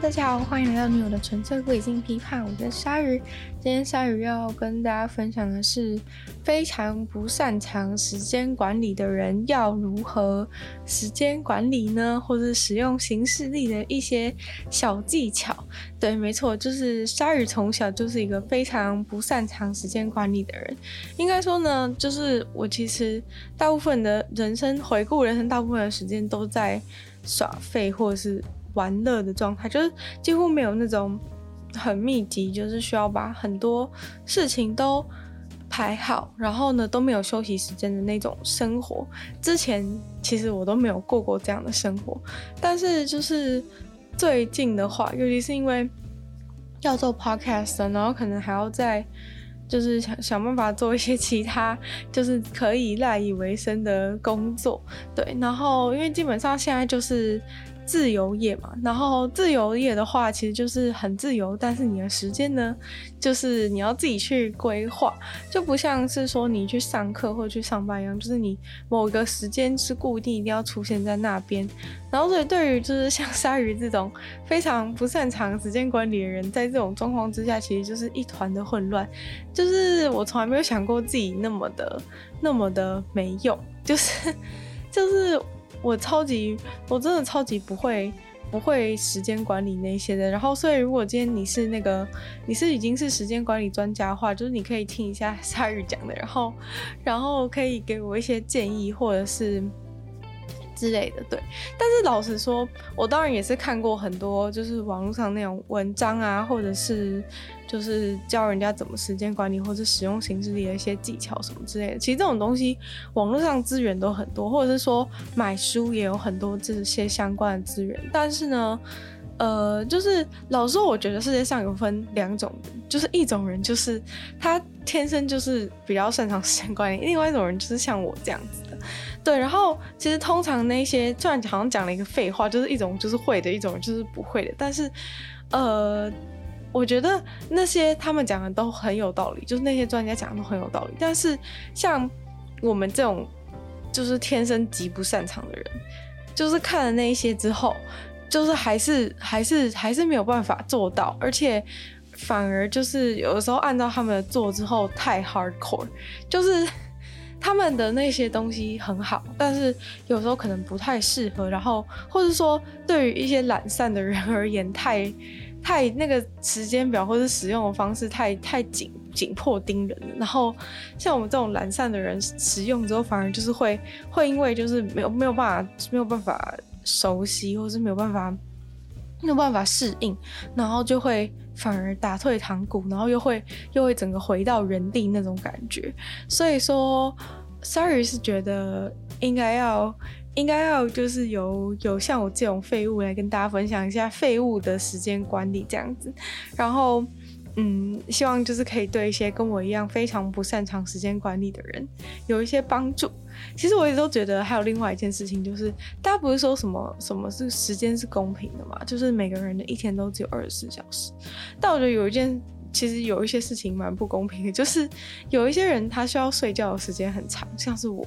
大家好，歡迎來到女友的純粹理性批判。我是鯊魚。今天鯊魚要跟大家分享的是，非常不擅長時間管理的人要如何時間管理呢？或者是使用行事曆的一些小技巧。對，沒錯，就是鯊魚從小就是一個非常不擅長時間管理的人。應該說呢，就是我其實大部分的人生回顧，人生大部分的時間都在耍廢，或是。玩樂的狀態，就是幾乎沒有那種很密集，就是需要把很多事情都排好，然後呢都沒有休息時間的那種生活。之前其實我都沒有過過這樣的生活，但是就是最近的話，尤其是因為要做 podcast，然後可能還要再就是想想辦法做一些其他就是可以賴以為生的工作。對，然後因為基本上現在就是。自由業嘛，然後自由業的話，其實就是很自由，但是你的時間呢，就是你要自己去規劃，就不像是說你去上課或去上班一樣，就是你某個時間是固定一定要出現在那邊。然後所以對於就是像鯊魚這種非常不擅長時間管理的人，在這種狀況之下，其實就是一團的混亂。就是我從來沒有想過自己那麼的那麼的沒用，就是就是。我超級，我真的超級不會，不會時間管理那些的。然後，所以如果今天你是那個，你是已經是時間管理專家的話，就是你可以聽一下鯊魚講的，然後，然後可以給我一些建議，或者是。之類的，對，但是老實說，我當然也是看過很多，就是網絡上那種文章啊，或者是就是教人家怎麼時間管理，或者是使用行事曆的一些技巧什麼之類的。其實這種東西，網絡上資源都很多，或者是說買書也有很多這些相關的資源。但是呢。呃，就是老實說，我覺得世界上有分兩種人，就是一種人就是他天生就是比較擅長時間觀念；另外一種人就是像我這樣子的，對。然後其實通常那些專家好像講了一個廢話，就是一種就是會的，一種就是不會的。但是呃，我覺得那些他們講的都很有道理，就是那些專家講的都很有道理。但是像我們這種就是天生極不擅長的人，就是看了那些之後。就是還是還是還是沒有辦法做到，而且反而就是有的時候按照他們的做之後太 hardcore，就是他們的那些東西很好，但是有時候可能不太適合，然後或是說對於一些懶散的人而言太，太太那個時間表或是使用的方式太太緊緊迫盯人了，然後像我們這種懶散的人使用之後，反而就是會會因為就是沒有沒有辦法沒有辦法。熟悉，或是沒有辦法，沒有辦法適應，然後就會反而打退堂鼓，然後又會又會整個回到原地那種感覺。所以說，Sorry 是覺得應該要，應該要就是有有像我這種廢物來跟大家分享一下廢物的時間管理這樣子，然後。嗯，希望就是可以對一些跟我一樣非常不擅長時間管理的人有一些幫助。其實我一直都覺得，還有另外一件事情，就是大家不是說什麼什麼是時間是公平的嘛，就是每個人的一天都只有二十四小時。但我覺得有一件，其實有一些事情蠻不公平的，就是有一些人他需要睡覺的時間很長，像是我，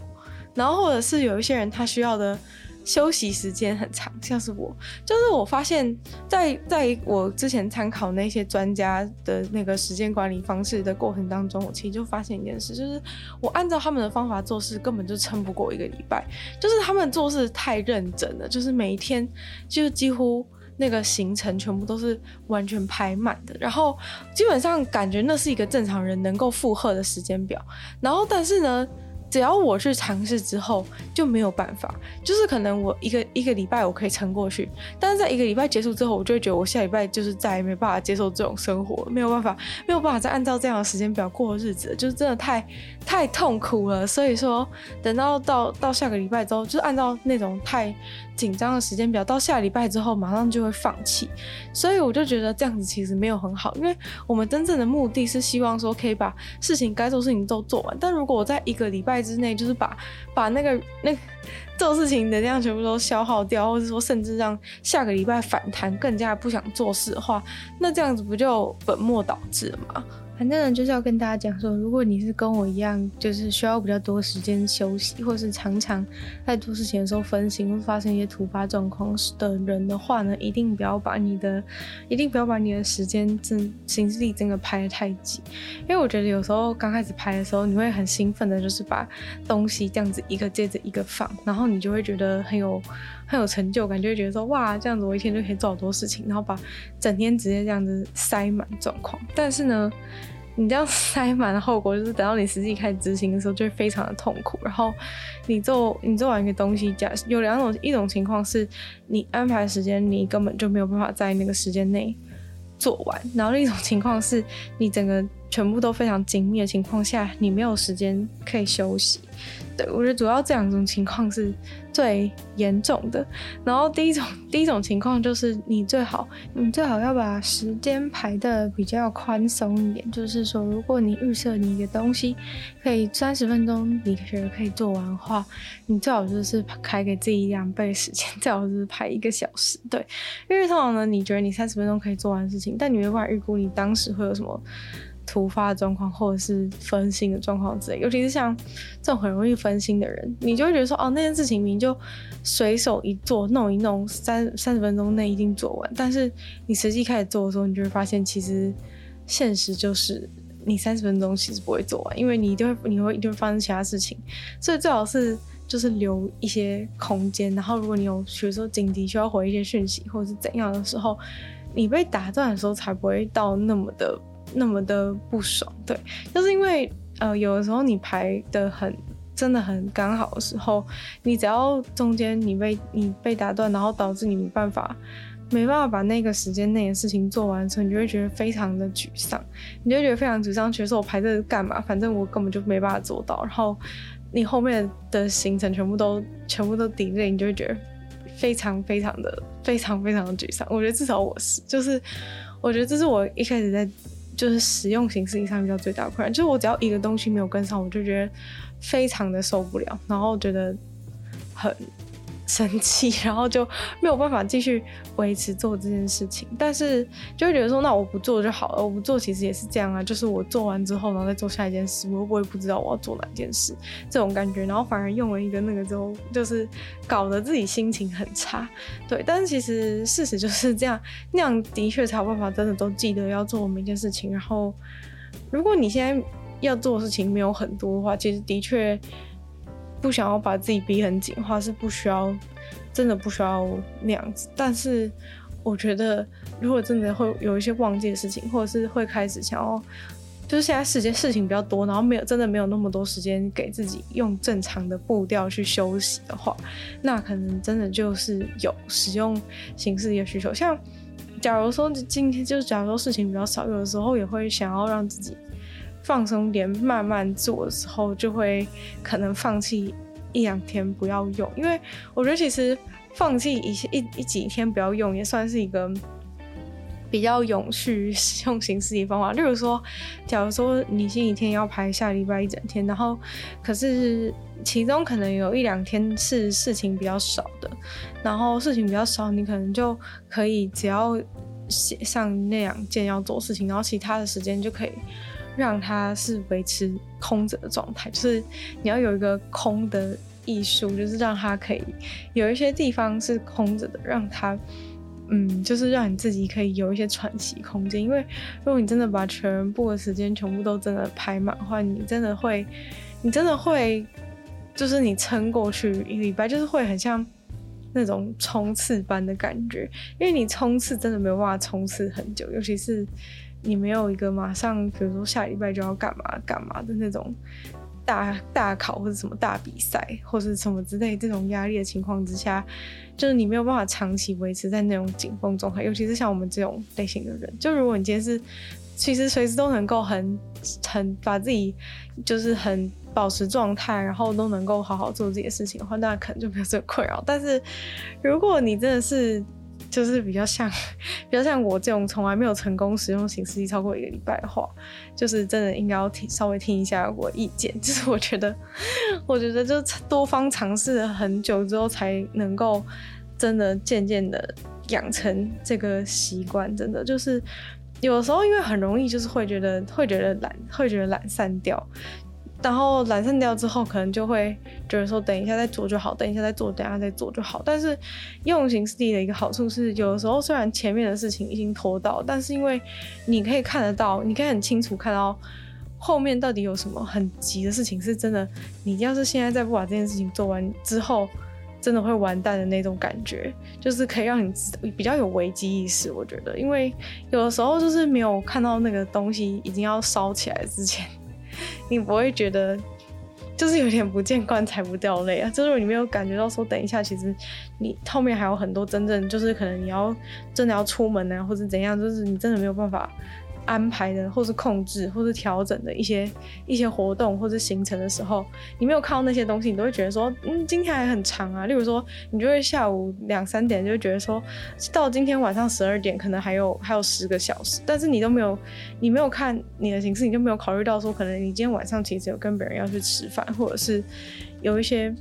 然後或者是有一些人他需要的。休息時間很長，像是我，就是我發現在，在在我之前參考那些專家的那個時間管理方式的過程當中，我其實就發現一件事，就是我按照他們的方法做事，根本就撐不過一個禮拜。就是他們做事太認真了，就是每一天就幾乎那個行程全部都是完全排滿的，然後基本上感覺那是一個正常人能夠負荷的時間表。然後但是呢？只要我去嘗試之後就沒有辦法，就是可能我一個一個禮拜我可以撐過去，但是在一個禮拜結束之後，我就會覺得我下禮拜就是再也沒辦法接受這種生活了，沒有辦法，沒有辦法再按照這樣的時間表過日子了，就是真的太。太痛苦了，所以說等到到到下個禮拜之後，就是按照那種太緊張的時間表，到下個禮拜之後馬上就會放棄，所以我就覺得這樣子其實沒有很好，因為我們真正的目的是希望說可以把事情該做事情都做完，但如果我在一個禮拜之內就是把把那個那做事情的能量全部都消耗掉，或者說甚至讓下個禮拜反彈更加不想做事的話，那這樣子不就本末倒置了嗎？反正就是要跟大家講說，如果你是跟我一樣，就是需要比較多時間休息，或是常常在做事情的時候分心，會發生一些突發狀況的人的話呢，一定不要把你的一定不要把你的時間、真、行事曆真的排得太緊，因為我覺得有時候剛開始排的時候，你會很興奮的，就是把東西這樣子一個接着一個放，然後你就會覺得很有。很有成就感，就會覺得說哇，這樣子我一天就可以做好多事情，然後把整天直接這樣子塞滿狀況。但是呢，你這樣塞滿的後果就是，等到你實際開始執行的時候，就會非常的痛苦。然後你做你做完一個東西，假有兩種，一種情況是你安排的時間，你根本就沒有辦法在那個時間內做完；然後另一種情況是你整個。全部都非常緊密的情況下，你沒有時間可以休息。對，我覺得主要這兩種情況是最嚴重的。然後第一種，第一種情況就是你最好，你最好要把時間排得比較寬鬆一點。就是說，如果你預設你一個東西可以三十分鐘，你覺得可以做完的話，你最好就是開給自己兩倍時間，最好就是排一個小時。對，因為通常呢，你覺得你三十分鐘可以做完事情，但你沒辦法預估你當時會有什麼。突發的狀況或者是分心的狀況之類，尤其是像這種很容易分心的人，你就會覺得說，哦，那件事情明明就隨手一做，弄一弄，三三十分鐘內一定做完。但是你實際開始做的時候，你就會發現，其實現實就是你三十分鐘其實不會做完，因為你一定會，你會你一定會發生其他事情。所以最好是就是留一些空間，然後如果你有譬如說緊急需要回一些訊息或者是怎樣的時候，你被打斷的時候才不會到那麼的。那麼的不爽，對，就是因為呃，有的時候你排的很，真的很剛好的時候，你只要中間你被你被打斷，然後導致你沒辦法，沒辦法把那個時間內的事情做完的時候，所以你就會覺得非常的沮喪，你就會覺得非常沮喪，其實我排這幹嘛，反正我根本就沒辦法做到，然後你後面的行程全部都全部都頂着，你就會覺得非常非常的非常非常的沮喪。我覺得至少我是，就是我覺得這是我一開始在。就是使用行事曆上比較最大困難，就是我只要一個東西沒有跟上，我就覺得非常的受不了，然後覺得很。生氣，然後就沒有辦法繼續維持做這件事情，但是就會覺得說，那我不做就好了。我不做其實也是這樣啊，就是我做完之後，然後再做下一件事，我又不會不知道我要做哪件事這種感覺，然後反而用了一個那個之後，就是搞得自己心情很差。對，但是其實事實就是這樣，那樣的確才有辦法真的都記得要做每件事情。然後，如果你現在要做的事情沒有很多的話，其實的確。不想要把自己逼很緊的話是不需要，真的不需要那樣子。但是我覺得，如果真的會有一些忘記的事情，或者是會開始想要，就是現在時間事情比較多，然後沒有真的沒有那麼多時間給自己用正常的步調去休息的話，那可能真的就是有使用形式的需求。像假如說今天就是假如說事情比較少，有的時候也會想要讓自己。放鬆點，慢慢做的時候就會可能放棄一兩天不要用，因為我覺得其實放棄一一一幾天不要用也算是一個比較永續使用形式的方法。例如說，假如說你星期天要排下禮拜一整天，然後可是其中可能有一兩天是事情比較少的，然後事情比較少，你可能就可以只要寫上那兩件要做事情，然後其他的時間就可以，讓它是維持空着的狀態，就是你要有一個空的藝術，就是讓它可以有一些地方是空着的，讓它，嗯，就是讓你自己可以有一些喘息空間。因為如果你真的把全部的時間全部都真的排滿的話，你真的會，你真的會，就是你撐過去一禮拜，就是會很像那種衝刺般的感覺。因為你衝刺真的沒有辦法衝刺很久，尤其是。你沒有一個馬上，比如說下禮拜就要幹嘛幹嘛的那種大大考，或者什麼大比賽或者什麼之類的這種壓力的情況之下，就是你沒有辦法長期維持在那種緊繃狀態，尤其是像我們這種類型的人。就如果你今天是其實隨時都能夠很很把自己就是很保持狀態，然後都能夠好好做自己的事情的話，那可能就沒有這個困擾。但是如果你真的是就是比較像，比較像我這種從來沒有成功使用行事曆超過一個禮拜的話,就是真的應該要稍微聽一下我意見。就是我覺得，我覺得就多方嘗試了很久之後，才能夠真的漸漸的養成這個習慣。真的就是，有時候因為很容易就是會覺得會覺得懶，會覺得懶散掉。然後懶散掉之後，可能就會覺得說，等一下再做就好，等一下再做，等一下再做就好。但是用行事曆的一個好處是，有的時候雖然前面的事情已經拖到，但是因為你可以看得到，你可以很清楚看到後面到底有什麼很急的事情是真的。你要是現在再不把這件事情做完之後，真的會完蛋的那種感覺，就是可以讓你知道比較有危機意識。我覺得，因為有的時候就是沒有看到那個東西已經要燒起來之前。你不會覺得，就是有點不見棺材不掉淚啊？就是你沒有感覺到說，等一下，其實你後面還有很多真正就是可能你要真的要出門啊或者怎樣，就是你真的沒有辦法。安排的，或是控制，或是調整的一些一些活動，或是行程的時候，你沒有看到那些東西，你都會覺得說，嗯，今天還很長啊。例如說，你就會下午兩三點就會覺得說，到今天晚上十二點可能還有還有十個小時，但是你都沒有，你沒有看你的行事曆，你就沒有考慮到說，可能你今天晚上其實有跟別人要去吃飯，或者是有一些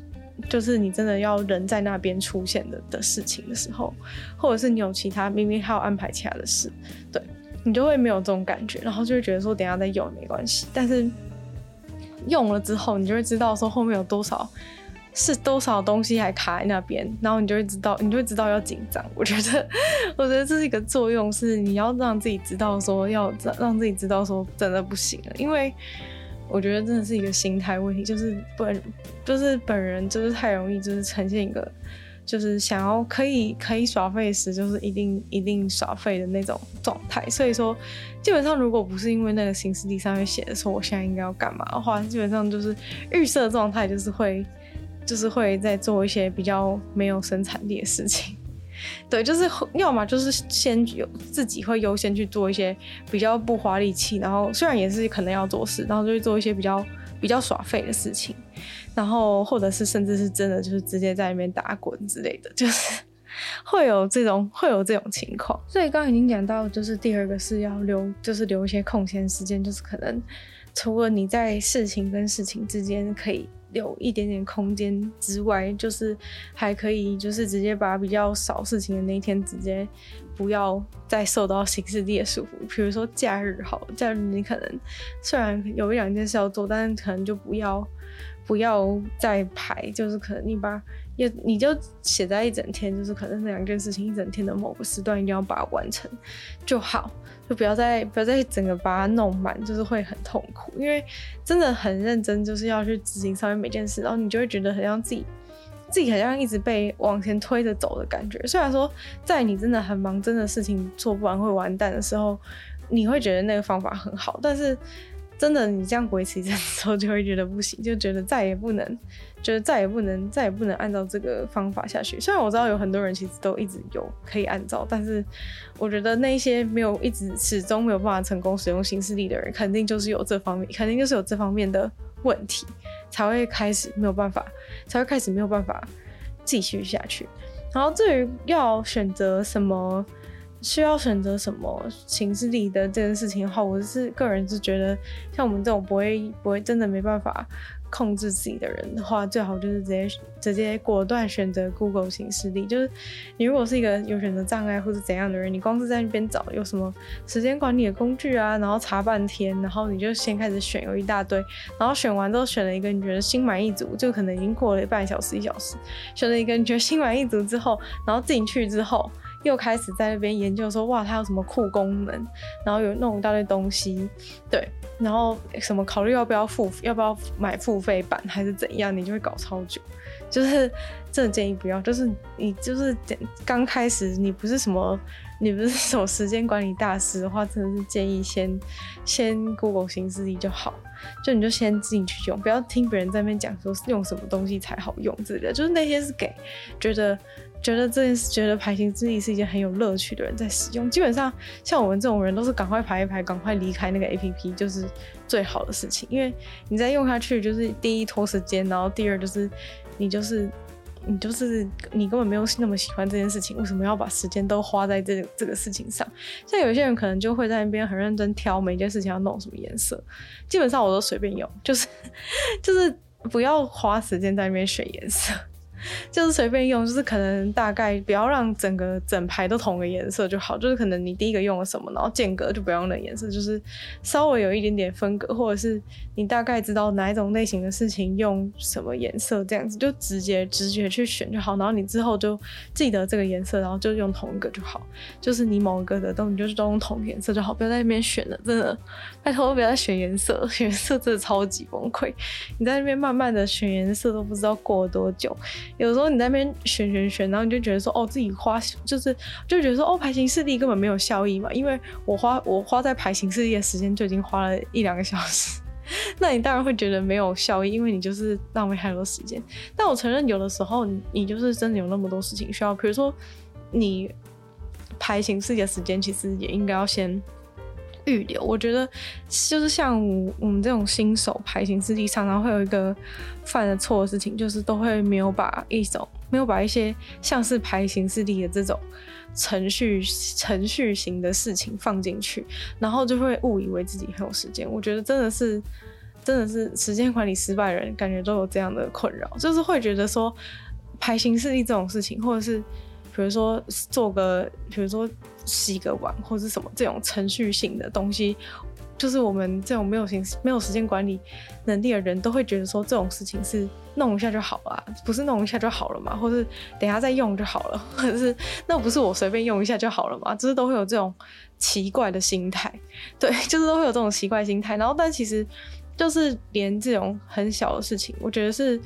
就是你真的要人在那邊出現的的事情的時候，或者是你有其他明明還有安排其他的事，對。你就會沒有這種感覺，然後就會覺得說等下再用沒關係。但是用了之後，你就會知道說後面有多少是多少東西還卡在那邊，然後你就會知道，你就會知道要緊張。我覺得，我覺得這是一個作用，是你要讓自己知道說要讓自己知道說真的不行了，因為我覺得真的是一個心態問題，就是本就是本人就是太容易就是呈現一個就是想要可以可以耍廢時，就是一定一定耍廢的那種狀態。所以說，基本上如果不是因為那個行事曆上面寫的說我現在應該要幹嘛的話，基本上就是預設狀態就是會，就是會再做一些比較沒有生產力的事情。對，就是要麼就是先有自己會優先去做一些比較不花力氣，然後雖然也是可能要做事，然後就會做一些比較比較耍廢的事情。然後，或者是，甚至是真的，就是直接在裡面打滾之類的，就是會有這種，會有這種情況。所以剛剛已經講到，就是第二個是要留，就是留一些空閒時間，就是可能除了你在事情跟事情之間可以留一點點空間之外，就是還可以，就是直接把比較少事情的那一天，直接不要再受到行事曆的束縛。比如說假日好，假日你可能雖然有一兩件事要做，但是可能就不要。不要再排，就是可能你把也你就寫在一整天，就是可能是那兩件事情一整天的某個時段一定要把它完成就好，就不要再不要再整個把它弄滿，就是會很痛苦，因為真的很認真，就是要去執行上面每件事，然後你就會覺得很像自己自己很像一直被往前推着走的感覺。雖然說在你真的很忙，真的事情做不完會完蛋的時候，你會覺得那個方法很好，但是。真的，你這樣維持這時候就會覺得不行，就覺得再也不能，覺得再也不能，再也不能按照這個方法下去。雖然我知道有很多人其實都一直有可以按照，但是我覺得那些沒有一直始終沒有辦法成功使用行事曆的人，肯定就是有這方面，肯定就是有這方面的問題，才會開始沒有辦法，才會開始沒有辦法繼續下去。然後至於要選擇什麼。需要選擇什麼行事曆的這件事情的話，我是個人是覺得，像我們這種不會不會真的沒辦法控制自己的人的話，最好就是直接直接果斷選擇 Google 行事曆。就是你如果是一個有選擇障礙或者怎樣的人，你光是在那邊找有什麼時間管理的工具啊，然後查半天，然後你就先開始選，有一大堆，然後選完之後選了一個你覺得心滿意足，就可能已經過了半小時一小時，選了一個你覺得心滿意足之後，然後進去之後。又開始在那邊研究說，說哇，它有什麼酷功能，然後有弄一大堆東西，對，然後什麼考慮要不要付，要不要買付費版還是怎樣，你就會搞超久。就是真的建議不要，就是你就是剛開始你不是什麼你不是什麼時間管理大師的話，真的是建議先先 Google 行事曆就好，就你就先自己去用，不要聽別人在那邊講說用什麼東西才好用之類的，就是那些是給覺得。覺得這件事，覺得排行事曆是一件很有樂趣的人在使用。基本上，像我們這種人都是趕快排一排，趕快離開那個 A P P，就是最好的事情。因為你再用下去，就是第一拖時間，然後第二就是你就是你就是你根本沒有那麼喜歡這件事情，為什麼要把時間都花在這個、這個事情上？像有些人可能就會在那邊很認真挑每一件事情要弄什麼顏色。基本上我都隨便用，就是就是不要花時間在那邊選顏色。就是隨便用，就是可能大概不要讓整個整排都同個顏色就好。就是可能你第一個用了什麼，然後間隔就不要用那顏色，就是稍微有一點點分隔，或者是你大概知道哪一種類型的事情用什麼顏色，這樣子就直接直覺去選就好。然後你之後就記得這個顏色，然後就用同一個就好。就是你某一個的都你就是都用同顏色就好，不要在那邊選了，真的，拜託不要再選顏色，顏色真的超級崩潰。你在那邊慢慢的選顏色都不知道過了多久。有時候你在那邊選選選，然後你就覺得說，哦，自己花就是就覺得說，哦，排行事曆根本沒有效益嘛，因為我花我花在排行事曆的時間就已經花了一兩個小時， 那你當然會覺得沒有效益，因為你就是浪費太多時間。但我承認，有的時候你就是真的有那麼多事情需要，比如說你排行事曆的時間，其實也應該要先。預留，我覺得就是像我們這種新手排行事曆常常會有一個犯了錯的事情，就是都會沒有把一種沒有把一些像是排行事曆的這種程序程序型的事情放進去，然後就會誤以為自己很有時間。我覺得真的是真的是時間管理失敗的人，感覺都有這樣的困擾，就是會覺得說排行事曆這種事情，或者是。比如說做個，比如說洗個碗，或是什麼這種程序性的東西，就是我們這種沒有時沒有時間管理能力的人都會覺得說，這種事情是弄一下就好了啊，不是弄一下就好了嘛？或是等一下再用就好了，或者是那不是我隨便用一下就好了嘛？就是都會有這種奇怪的心態，對，就是都會有這種奇怪心態。然後但其實就是連這種很小的事情，我覺得是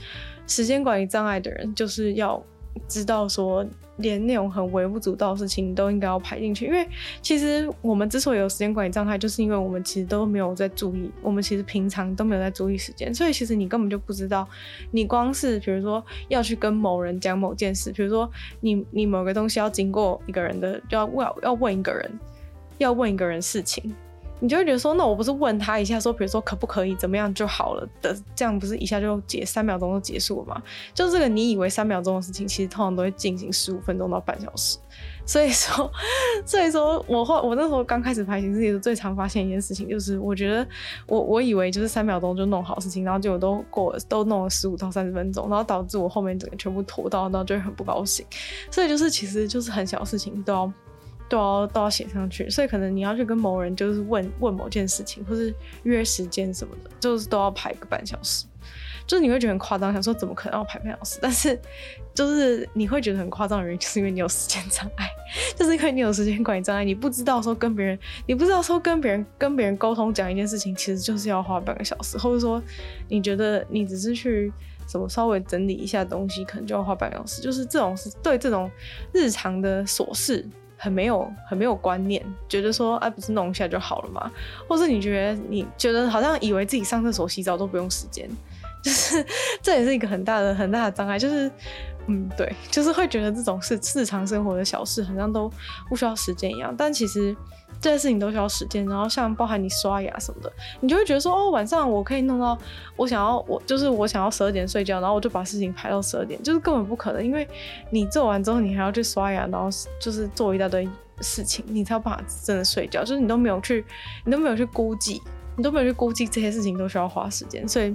時間管理障礙的人，就是要知道說。連那種很微不足道的事情都應該要排進去，因為其實我們之所以有時間管理障礙，就是因為我們其實都沒有在注意，我們其實平常都沒有在注意時間，所以其實你根本就不知道，你光是比如說要去跟某人講某件事，比如說你你某個東西要經過一個人的，就要要要問一個人，要問一個人事情。你就會覺得說，那我不是問他一下，說比如說可不可以，怎麼樣就好了的，這樣不是一下就結三秒鐘就結束了嗎？就這個你以為三秒鐘的事情，其實通常都會進行十五分鐘到半小時。所以說，所以說我後我那時候剛開始拍戲，其實最常發現一件事情就是，我覺得我我以為就是三秒鐘就弄好事情，然後結果都過了都弄了十五到三十分鐘，然後導致我後面整個全部拖到，然後就會很不高興。所以就是其實就是很小事情都要。都要，都要寫上去，所以可能你要去跟某人就是問問某件事情，或是約時間什麼的，就是都要排個半個小時，就是你會覺得很誇張，想說怎麼可能要排半小時？但是就是你會覺得很誇張的原因，就因，就是因為你有時間障礙，就是因為你有時間管理障礙，你不知道說跟別人，你不知道說跟別人跟別人溝通講一件事情，其實就是要花半個小時，或者說你覺得你只是去什麼稍微整理一下東西，可能就要花半個小時，就是這種是對這種日常的瑣事。很沒有，很沒有觀念，覺得說，哎、啊，不是弄一下就好了嗎？或是你覺得，你覺得好像以為自己上廁所、洗澡都不用時間，就是呵呵這也是一個很大的、很大的障礙。就是，嗯，對，就是會覺得這種事日常生活的小事，好像都不需要時間一樣。但其實。這些事情都需要時間，然後像包含你刷牙什麼的，你就會覺得說哦，晚上我可以弄到我想要，我就是我想要十二點睡覺，然後我就把事情排到十二點，就是根本不可能，因為你做完之後，你還要去刷牙，然後就是做一大堆事情，你才有辦法真的睡覺。就是你都沒有去，你都沒有去估計，你都沒有去估計這些事情都需要花時間，所以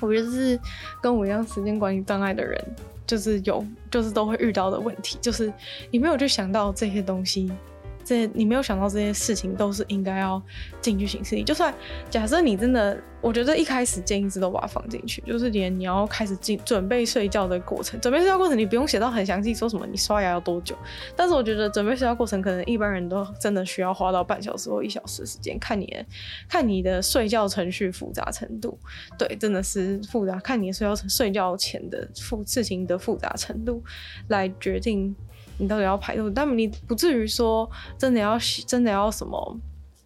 我覺得是跟我一樣時間管理障礙的人，就是有就是都會遇到的問題，就是你沒有去想到這些東西。這你沒有想到，這些事情都是應該要進去行事曆。就算假設你真的，我覺得一開始建議一直都把它放進去，就是連你要開始進準備睡覺的過程，準備睡覺過程你不用寫到很詳細，說什麼你刷牙要多久。但是我覺得準備睡覺過程可能一般人都真的需要花到半小時或一小時時間，看你看你的睡覺程序複雜程度。對，真的是複雜，看你睡覺睡覺前的複事情的複雜程度來決定。你到底要排多？但你不至於說真的要，真的要什麼？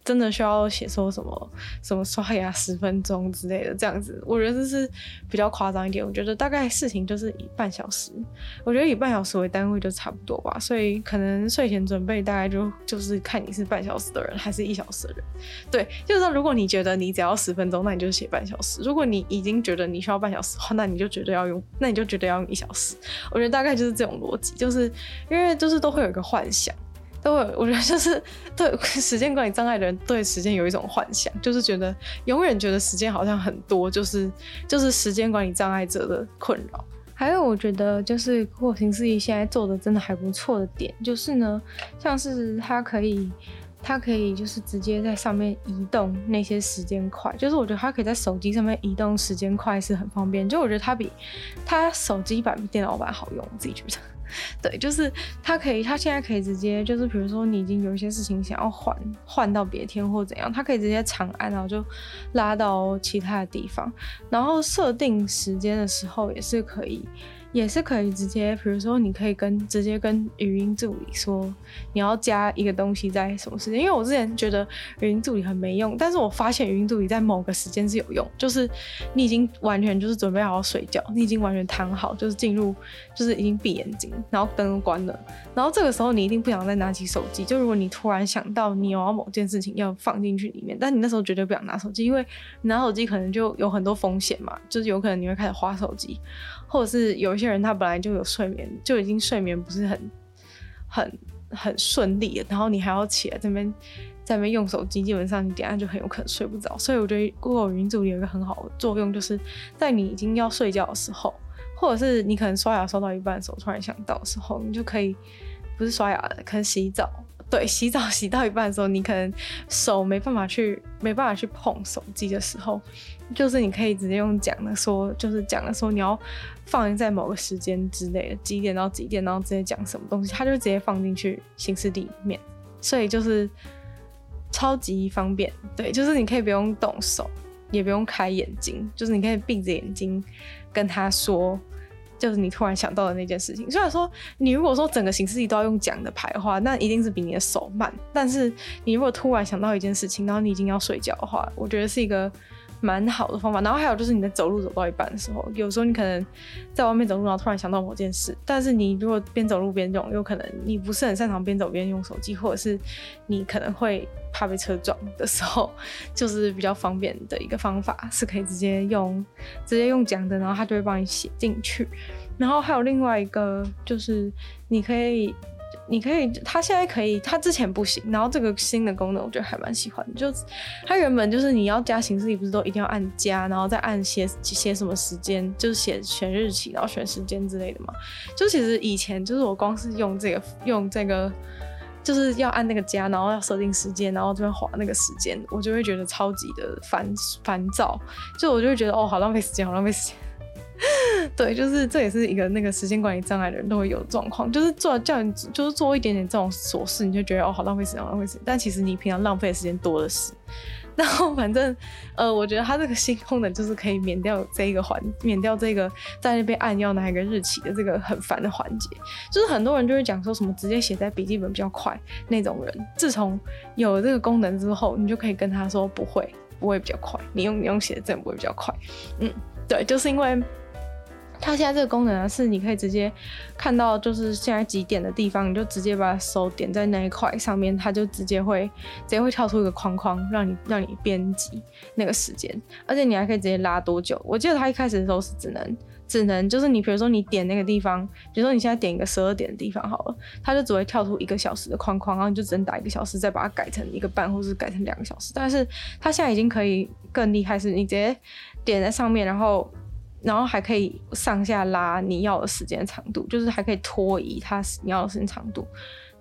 真的需要寫說什麼什麼刷牙十分鐘之類的這樣子，我覺得這是比較誇張一點。我覺得大概事情就是以半小時，我覺得以半小時為單位就差不多吧。所以可能睡前準備大概就就是看你是半小時的人還是一小時的人。對，就是說如果你覺得你只要十分鐘，那你就是寫半小時；如果你已經覺得你需要半小時的話，那你就絕對要用，那你就絕對要用一小時。我覺得大概就是這種邏輯，就是因為就是都會有一個幻想。對我覺得就是對時間管理障礙的人，對時間有一種幻想，就是覺得永遠覺得時間好像很多，就是就是時間管理障礙者的困擾。還有我覺得就是 Google 行事曆現在做的真的還不錯的點，就是呢，像是它可以它可以就是直接在上面移動那些時間塊，就是我覺得它可以在手機上面移動時間塊是很方便，就我覺得它比它手機版比電腦版好用，我自己覺得。對，就是他可以，他現在可以直接，就是比如說你已經有一些事情想要換換到別天或怎樣，他可以直接長按啊，然後就拉到其他的地方，然後設定時間的時候也是可以。也是可以直接，比如說，你可以跟直接跟語音助理說，你要加一個東西在什麼時間？因為我之前覺得語音助理很沒用，但是我發現語音助理在某個時間是有用，就是你已經完全就是準備好好睡覺，你已經完全躺好，就是進入，就是已經閉眼睛，然後燈關了，然後這個時候你一定不想再拿起手機。就如果你突然想到你有要某件事情要放進去裡面，但你那時候絕對不想拿手機，因為你拿手機可能就有很多風險嘛，就是有可能你會開始滑手機。或者是有一些人他本來就有睡眠，就已經睡眠不是很、很、很順利了，然後你還要起來這邊、在那邊用手機，基本上你點它就很有可能睡不着。所以我覺得 Google 雲助理有一個很好的作用，就是在你已經要睡覺的時候，或者是你可能刷牙刷到一半的時候，突然想到的時候，你就可以不是刷牙了，可以洗澡。對，洗澡洗到一半的時候，你可能手沒辦法去沒辦法去碰手機的時候，就是你可以直接用講的說，就是講的說你要放在某個時間之類的幾點到幾點，然後直接講什麼東西，他就直接放進去行事曆裡面，所以就是超級方便。對，就是你可以不用動手，也不用開眼睛，就是你可以閉着眼睛跟他說。就是你突然想到的那件事情。雖然說你如果說整個行事曆都要用講的的話，那一定是比你的手慢。但是你如果突然想到一件事情，然後你已經要睡覺的話，我覺得是一個。蠻好的方法，然後還有就是你在走路走到一半的時候，有時候你可能在外面走路，然後突然想到某件事，但是你如果邊走路邊用，有可能你不是很擅長邊走邊用手機，或者是你可能會怕被車撞的時候，就是比較方便的一個方法，是可以直接用直接用講的，然後它就會幫你寫進去。然後還有另外一個就是你可以。你可以，它現在可以，它之前不行。然後這個新的功能，我覺得還蠻喜歡的。就它原本就是你要加行事曆，你不是都一定要按加，然後再按寫寫什麼時間，就是寫選日期，然後選時間之類的嘛。就其實以前就是我光是用這個，用這個就是要按那個加，然後要設定時間，然後這邊劃那個時間，我就會覺得超級的煩煩躁。就我就會覺得哦，好浪費時間，好浪費時間。對，就是這也是一個那個時間管理障礙的人都會有狀況，就是做叫你就是做一點點這種瑣事，你就覺得哦，好浪費時間，好浪費時間。但其實你平常浪費的時間多的是。然後反正呃，我覺得它這個新功能就是可以免掉這一個環，免掉這個在那邊按要哪一個日期的這個很煩的環節。就是很多人就會講說什麼直接寫在筆記本比較快那種人，自從有了這個功能之後，你就可以跟他說不會，不會比較快。你用你用寫的真不會比較快。嗯，對，就是因為。它現在這個功能啊，是你可以直接看到，就是現在幾點的地方，你就直接把手點在那一塊上面，它就直接會直接會跳出一個框框，讓你讓你編輯那個時間，而且你還可以直接拉多久。我記得它一開始的時候是只能只能就是你比如說你點那個地方，比如說你現在點一個十二點的地方好了，它就只會跳出一個小時的框框，然後你就只能打一個小時，再把它改成一個半，或是改成兩個小時。但是它現在已經可以更厲害，是你直接點在上面，然後。然後還可以上下拉你要的時間長度，就是還可以拖移它你要的時間長度，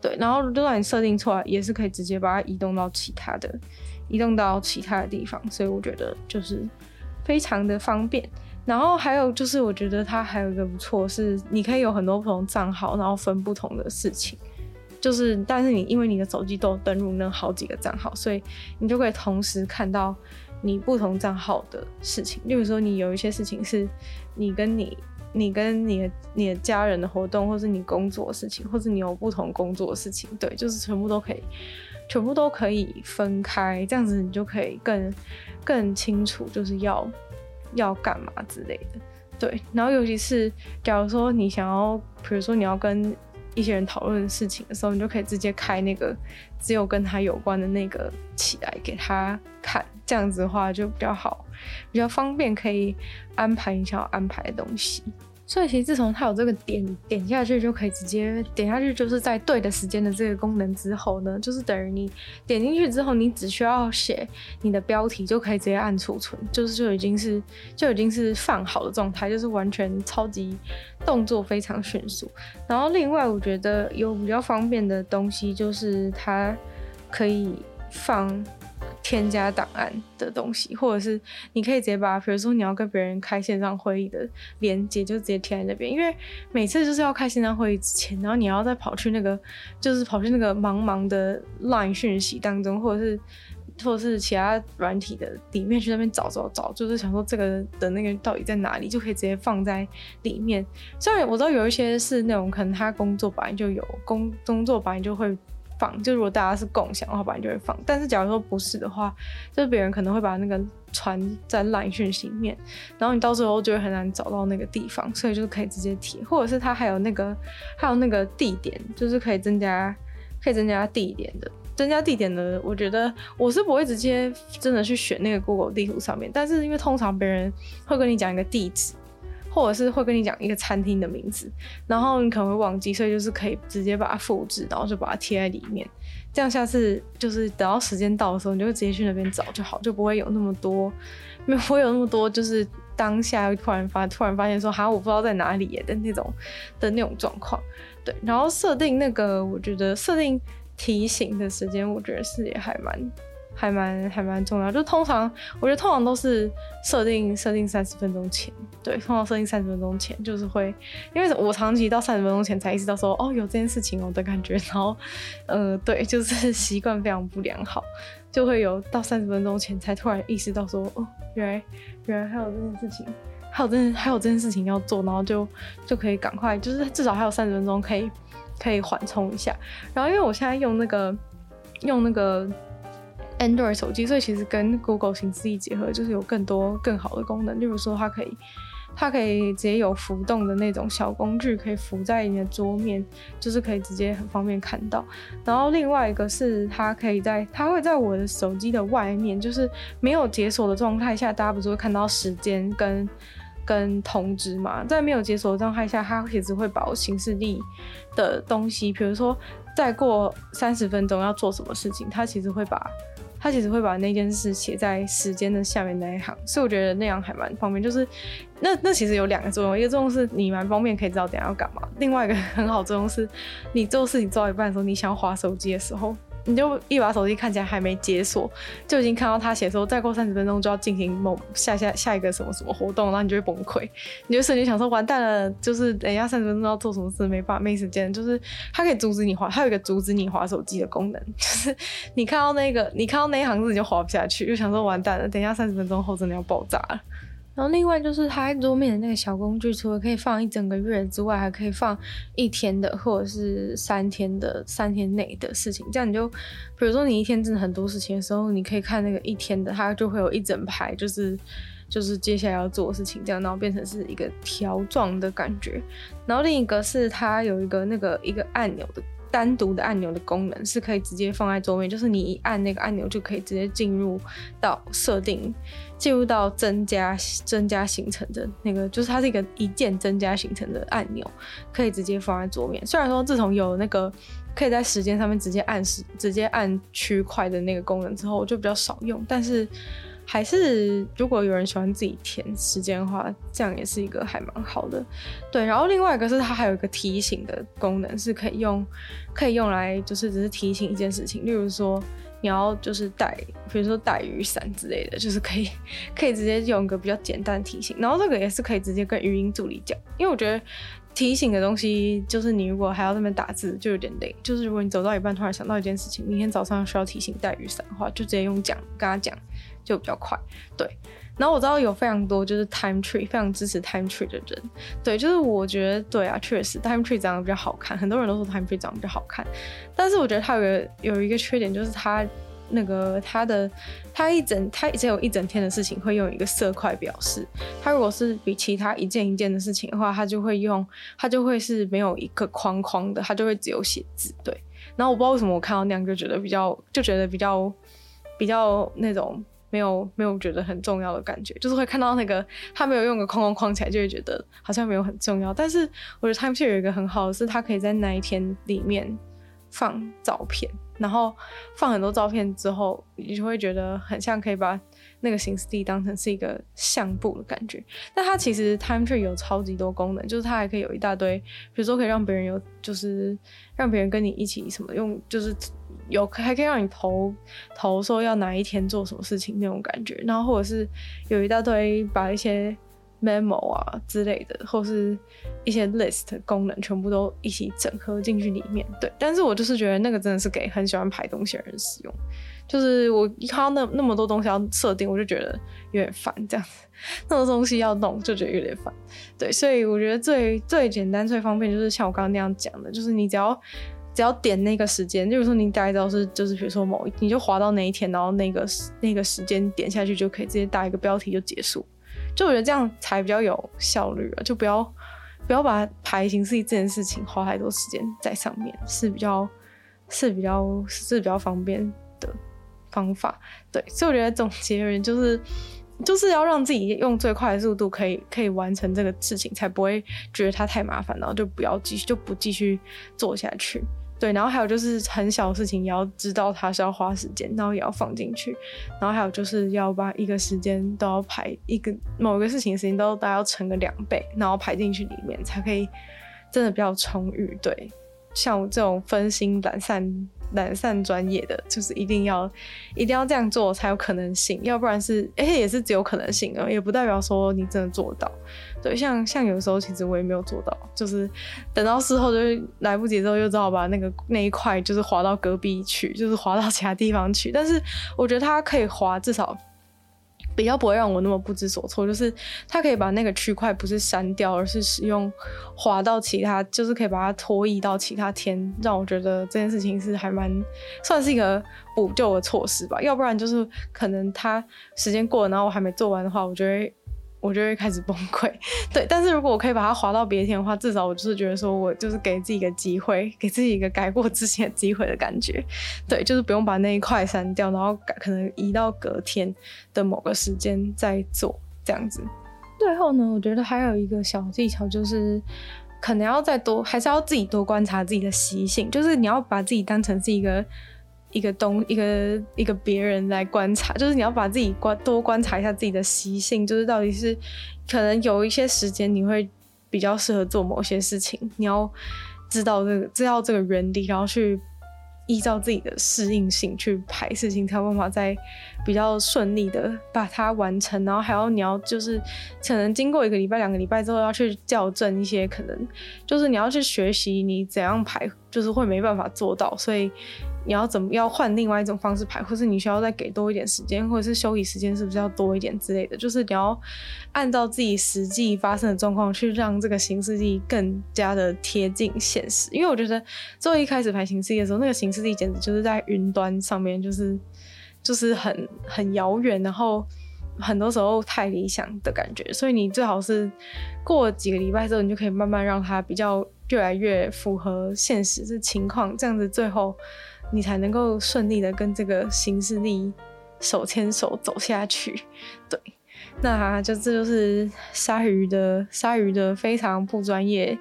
對。然後就算你設定錯了，也是可以直接把它移動到其他的，移動到其他的地方。所以我覺得就是非常的方便。然後還有就是，我覺得它還有一個不錯是，你可以有很多不同賬號，然後分不同的事情。就是但是你因為你的手機都登入那好幾個賬號，所以你就可以同時看到。你不同賬號的事情，例如說你有一些事情是，你跟你、你跟你的、你的家人的活動，或是你工作的事情，或是你有不同工作的事情，對，就是全部都可以，全部都可以分開，這樣子你就可以更更清楚，就是要要幹嘛之類的，對。然後尤其是假如說你想要，比如說你要跟。一些人討論的事情的時候，你就可以直接開那個只有跟他有關的那個起來給他看，這樣子的話就比較好，比較方便，可以安排一下要安排的東西。所以其實自從它有這個點，點下去就可以直接點下去，就是在對的時間的這個功能之後呢，就是等於你點進去之後，你只需要寫你的標題就可以直接按儲存，就是就已經是就已經是放好的狀態，就是完全超級動作非常迅速。然後另外我覺得有比較方便的東西就是它可以放。添加檔案的東西，或者是你可以直接把，比如說你要跟別人開線上會議的連接，就直接貼在那邊，因為每次就是要開線上會議之前，然後你要再跑去那個，就是跑去那個茫茫的 LINE 訊息當中，或者是或者是其他軟體的裡面去那邊找找找，就是想說這個的那個到底在哪裡，就可以直接放在裡面。雖然我知道有一些是那種可能他工作版就有，工工作版就會。放，就如果大家是共享的話，本來就會放。但是假如說不是的話，就是別人可能會把那個傳在 Line 訊息裡面，然後你到時候就會很難找到那個地方，所以就是可以直接貼，或者是他還有那個還有那個地點，就是可以增加可以增加地點的，增加地點的，我覺得我是不會直接真的去選那個 Google 地圖上面，但是因為通常別人會跟你講一個地址。或者是會跟你講一個餐廳的名字，然後你可能會忘記，所以就是可以直接把它複製，然後就把它貼在裡面，這樣下次就是等到時間到的時候，你就會直接去那邊找就好，就不會有那麼多，沒有不會有那麼多就是當下突然發，突然發現說哈，我不知道在哪裡的那種的那種狀況，對，然後設定那個，我覺得設定提醒的時間，我覺得是也還蠻。還蠻還蠻重要，就通常我覺得通常都是設定設定三十分鐘前，對，通常設定三十分鐘前就是會，因為我長期到三十分鐘前才意識到說哦有這件事情哦的感覺，然後呃對，就是習慣非常不良好，就會有到三十分鐘前才突然意識到說哦原來原來還有這件事情，還有這還有這件事情要做，然後就就可以趕快就是至少還有三十分鐘可以可以緩衝一下，然後因為我現在用那個用那個。Android 手機，所以其實跟 Google 行事曆結合，就是有更多更好的功能。例如說，它可以，它可以直接有浮動的那種小工具，可以浮在你的桌面，就是可以直接很方便看到。然後另外一個是，它可以在，它會在我的手機的外面，就是沒有解鎖的狀態下，大家不是會看到時間跟跟通知嘛？在沒有解鎖的狀態下，它其實會把行事曆的東西，比如說。再過三十分鐘要做什麼事情，他其實會把，他其實會把那件事寫在時間的下面那一行，所以我覺得那樣還蠻方便，就是，那那其實有兩個作用，一個作用是你蠻方便可以知道等下要幹嘛，另外一個很好作用是，你做事情做到一半的時候，你想要滑手機的時候。你就一把手機看起來還沒解鎖，就已經看到他寫說再過三十分鐘就要進行某下下下一個什麼什麼活動，然後你就會崩潰，你就瞬間想說完蛋了，就是等一下三十分鐘要做什麼事，沒辦法沒時間，就是它可以阻止你滑，它有一個阻止你滑手機的功能，就是你看到那個你看到那一行字你就滑不下去，就想說完蛋了，等一下三十分鐘後真的要爆炸了。然後另外就是它桌面的那個小工具，除了可以放一整個月之外，還可以放一天的或者是三天的三天內的事情。這樣你就，比如說你一天真的很多事情的時候，你可以看那個一天的，它就會有一整排，就是就是接下來要做的事情這樣，然後變成是一個條狀的感覺。然後另一個是它有一個那個一個按鈕的。單獨的按鈕的功能是可以直接放在桌面，就是你一按那個按鈕就可以直接進入到設定，進入到增加增加行程的那個，就是它是一個一鍵增加行程的按鈕，可以直接放在桌面。雖然說自從有那個可以在時間上面直接按時、直接按區塊的那個功能之後，我就比較少用，但是。還是如果有人喜歡自己填時間的話，這樣也是一個還蠻好的。對，然後另外一個是它還有一個提醒的功能，是可以用，可以用來就是只是提醒一件事情，例如說你要就是帶，比如說帶雨傘之類的，就是可以可以直接用一個比較簡單的提醒。然後這個也是可以直接跟語音助理講，因為我覺得提醒的東西就是你如果還要在那邊打字就有點累。就是如果你走到一半突然想到一件事情，明天早上需要提醒帶雨傘的話，就直接用講跟他講。就比較快，對。然後我知道有非常多就是 Time Tree 非常支持 Time Tree 的人，對，就是我覺得對啊，確實 Time Tree 長得比較好看，很多人都說 Time Tree 長得比較好看。但是我覺得他有個有一個缺點，就是他那個他的他一整他只有一整天的事情會用一個色塊表示，他如果是比其他一件一件的事情的話，他就會用他就會是沒有一個框框的，他就會只有寫字。對。然後我不知道為什麼我看到那樣就覺得比較就覺得比較比較那種。沒有沒有覺得很重要的感覺，就是會看到那個他沒有用個框框框起來，就會覺得好像沒有很重要。但是我覺得 Time 是有一個很好的，是它可以在那一天裡面放照片，然後放很多照片之後，你就會覺得很像可以把。那個行事曆當成是一個相簿的感覺，但它其實 TimeTree 有超級多功能，就是它還可以有一大堆，比如說可以讓別人有，就是讓別人跟你一起什麼用，就是有還可以讓你投投說要哪一天做什麼事情那種感覺，然後或者是有一大堆把一些 memo 啊之類的，或是一些 list 的功能全部都一起整合進去裡面，對。但是我就是覺得那個真的是給很喜歡排東西的人使用。就是我一看到那，那麼多東西要設定，我就覺得有點煩。這樣子，那麼多東西要弄，就覺得有點煩。對，所以我覺得最最簡單、最方便就是像我剛剛那樣講的，就是你只要只要點那個時間，就比如說你大概知道是就是比如說某，你就滑到哪一天，然後那個那個時間點下去就可以直接打一個標題就結束。就我覺得這樣才比較有效率啊，就不要不要把排行事一件事情花太多時間在上面，是比較是比較是比較方便的。方法對，所以我覺得總結人就是，就是要讓自己用最快的速度可以可以完成這個事情，才不會覺得它太麻煩，然後就不要繼續，就不繼續做下去。對，然後還有就是很小的事情也要知道它是要花時間，然後也要放進去，然後還有就是要把一個時間都要排一個某一個事情的時間都大概要乘個兩倍，然後排進去裡面才可以真的比較充裕。對，像我這種分心懶散。懶散專業的就是一定要，一定要這樣做才有可能性，要不然是，是、欸、誒也是只有可能性，也不代表說你真的做到。對，像像有時候其實我也沒有做到，就是等到事後就來不及之後，又只好把那個那一塊就是劃到隔壁去，就是劃到其他地方去。但是我覺得它可以劃，至少。比較不會讓我那麼不知所措，就是他可以把那個區塊不是刪掉，而是使用滑到其他，就是可以把它拖移到其他天，讓我覺得這件事情是還蠻算是一個補救的措施吧。要不然就是可能他時間過了，然後我還沒做完的話，我覺得。我就會開始崩潰，對。但是如果我可以把它劃到別天的話，至少我就是覺得說，我就是給自己一個機會，給自己一個改過自新的機會的感覺，對，就是不用把那一塊刪掉，然後改，可能移到隔天的某個時間再做這樣子。最後呢，我覺得還有一個小技巧就是，可能要再多，還是要自己多觀察自己的習性，就是你要把自己當成是一個。一個東一個一個別人來觀察，就是你要把自己觀多觀察一下自己的習性，就是到底是可能有一些時間你會比較適合做某些事情，你要知道這個知道這個原理，然後去依照自己的適應性去排事情，才有辦法在比較順利的把它完成。然後還要你要就是可能經過一個禮拜、兩個禮拜之後要去校正一些，可能就是你要去學習你怎樣排，就是會沒辦法做到，所以。你要怎麼要換另外一種方式排，或是你需要再給多一點時間，或者是休息時間是不是要多一點之類的？就是你要按照自己實際發生的狀況去讓這個行事曆更加的貼近現實。因為我覺得，做一開始排行事曆的時候，那個行事曆簡直就是在雲端上面，就是，就是就是很很遙遠，然後很多時候太理想的感覺。所以你最好是過幾個禮拜之後，你就可以慢慢讓它比較越來越符合現實的情況，這樣子最後，你才能夠順利的跟這個行事曆手牽手走下去，對，那、啊、就這就是鯊魚的鯊魚的非常不專業，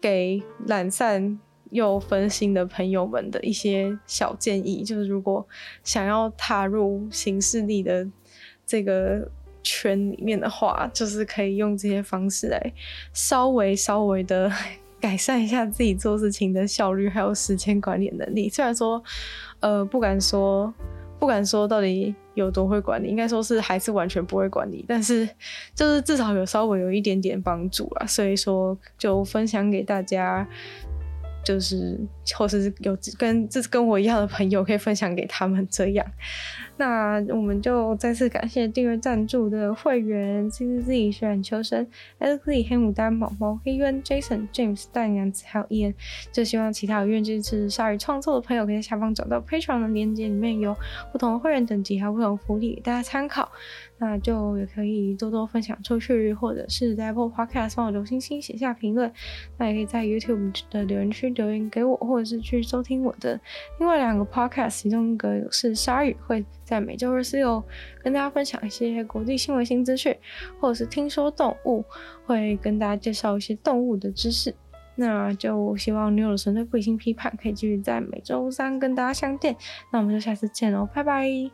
給懶散又分心的朋友們的一些小建議，就是如果想要踏入行事曆的這個圈裡面的話，就是可以用這些方式來稍微稍微的。改善一下自己做事情的效率，還有時間管理能力。雖然說，呃，不敢說，不敢說到底有多會管理，應該說是還是完全不會管理。但是，就是至少有稍微有一點點幫助啦，所以說，就分享給大家，就是或是有跟這、就是、跟我一樣的朋友，可以分享給他們這樣。那我們就再次感謝訂閱贊助的會員 CCZ 雪染秋聲、Eli、黑牡丹、寶寶黑淵、Jason James、James、蛋娘子還有 Ian。就希望其他有願意支持鯊魚創作的朋友，可以在下方找到 Patreon 的鏈接，裡面有不同的會員等級還有不同的福利，給大家參考。那就也可以多多分享出去，或者是在 Apple Podcast 幫我留星星、寫下評論。那也可以在 YouTube 的留言區留言給我，或者是去收聽我的另外兩個 podcast，其中一個是鯊魚會。在每週日四有，哦、跟大家分享一些國際新聞新資訊，或者是聽說動物，會跟大家介紹一些動物的知識。那就希望女友的神對不理性批判可以繼續在每週三跟大家相見。那我們就下次見嘍，拜拜。